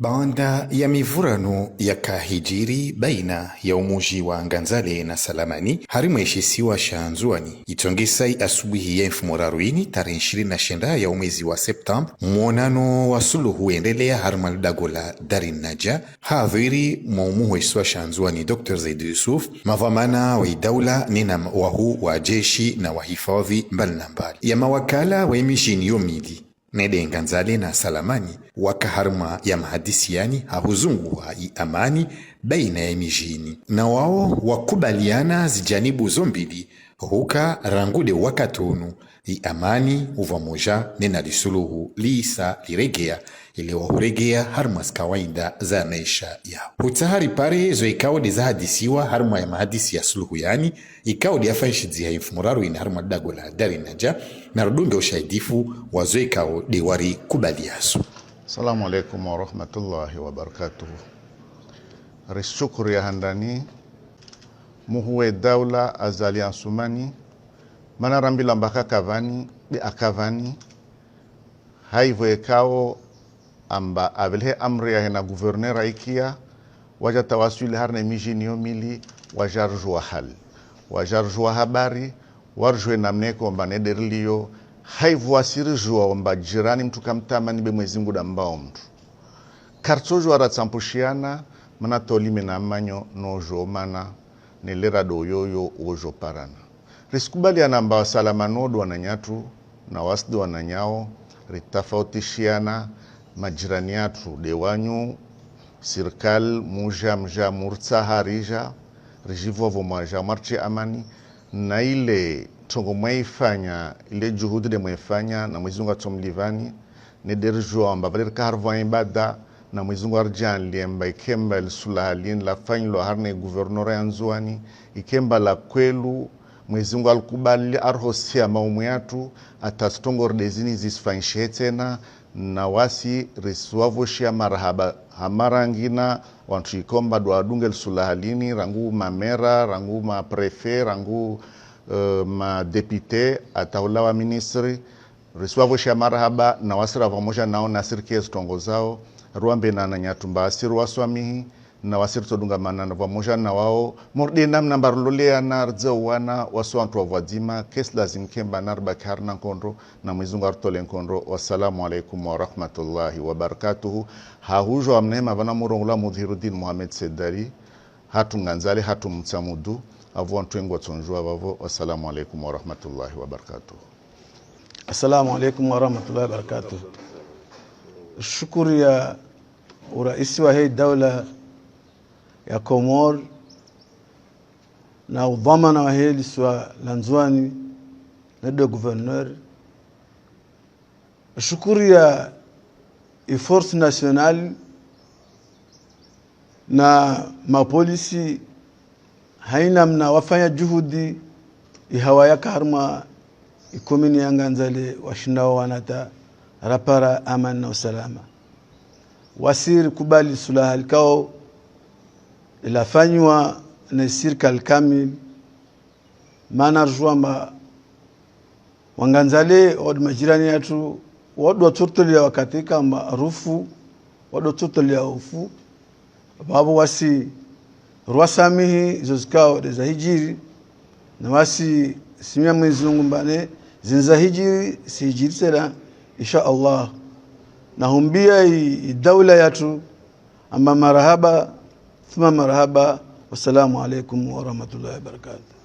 Banda ya mivurano ya kahijiri baina ya umuji wa Nganzale na Salamani harimweshisiwa eshesiwa shanzuani itongesai asubuhi ya mfumo raruini na shenda ya umwezi wa Septamba, mwonano wa suluhu endelea harimwa la Darin Naja hadhiri mwa umuhwesiwa shanzuani Dr Zaid Yusuf mavamana wa idaula nena wahu wa jeshi na wahifadhi mbali na mbali ya mawakala wa emishini yomili Nedenganzale na Salamani ya harma ya mahadisiani hahuzunguha iamani baina ya mijini na wao wakubaliana zijanibu zombili huka rangude wakatunu li amani, uva moja nena lisuluhu liisa liregea iliwahuregea harmas kawaida za maisha yao utahari pare zo ikaudi zahadisiwa harma ya mahadisi ya suluhu yani ikaudi infumuraru ina harma dago la dari naja na rudunge ushaidifu wazo ikaudi wari kubaliaso salamu alaikum warahmatullahi wabarakatuhu rishukuru ya handani muhuwe daula azali ansumani mana rambilambaka kavani ɗi a kavani hay voye amba avel amri yahe na gouverneur aikia waja tawasuli har ne mijinio mili wajarjua hali wajarjua habari warjue namne komba nederliyo hay voasirijua wamba jirani mtu kamtama nibe mwezi nguda mbao mtu kartsojua ratsambushiana mana tolime na manyo nojo mana nelera doyoyo parana risikubaliana ambao salamanodu wananyatu na wasdi wananyao ritafautishiana majirani yatu dewanyu sirkal muja mja murtsa harija rijivovyo mwaja marche amani na ile tongo mwaifanya ile juhudi de mwaifanya na mwizungu atomlivani nederijua amba valerikaharvoa ibada na mwizungu arjan liemba ikemba ilisulahalin lafanyilwa harna guvernora ya nzuani ikemba la kwelu Mwenyezi Mungu alikubali arhosia maumwi atu atasitongorede zini zisifanishe tena na wasi risiwavoshia marahaba hamarangina wantu ikomba dwadunge lisulaha rangu mamera rangu maprefe rangu uh, madepite ataula wa ministri risiwavoshia marahaba na wasira vamosha nao nasirikee zitongo zao ruambe na nanyatumba asiru waswamihi nawa sirto dunga mana na vamusha na wao murdi nam na barlulia na arzo wana waswantu wa vadima kes lazim kemba na arbakar na kondro na mwizungu artole kondro wassalamu alaikum wa rahmatullahi wa barakatuhu hahujo amnema vana murongula mudhiruddin muhammad sedari hatunga nganzale hatumtsa mudu avo ntwengo tsonjwa vavo wassalamu alaikum wa rahmatullahi wa barakatuhu assalamu alaikum wa rahmatullahi wa barakatuhu shukuru ya uraisi wa hii daula ya Komor na udhamana wa hili swa la Nzwani na de gouverneur shukuri ya force nationale na mapolisi haina mna wafanya juhudi ihawayaka harma ikomini yanganzale washindao wanata rapara amani na usalama wasiri kubali sulaha likao ilafanywa na sirkal kamil maana rujwamba wanganzale wadu majirani yatu wadu watutulia wakatika rufu wadu watutulia ufu babu wasi ruwasamihi izo zikao za hijiri na wasi simia mwenyezi mungu mbane zinza hijiri sihijirisela insha allah nahumbia idaula yatu amba marahaba ثم مرحبا والسلام عليكم ورحمة الله وبركاته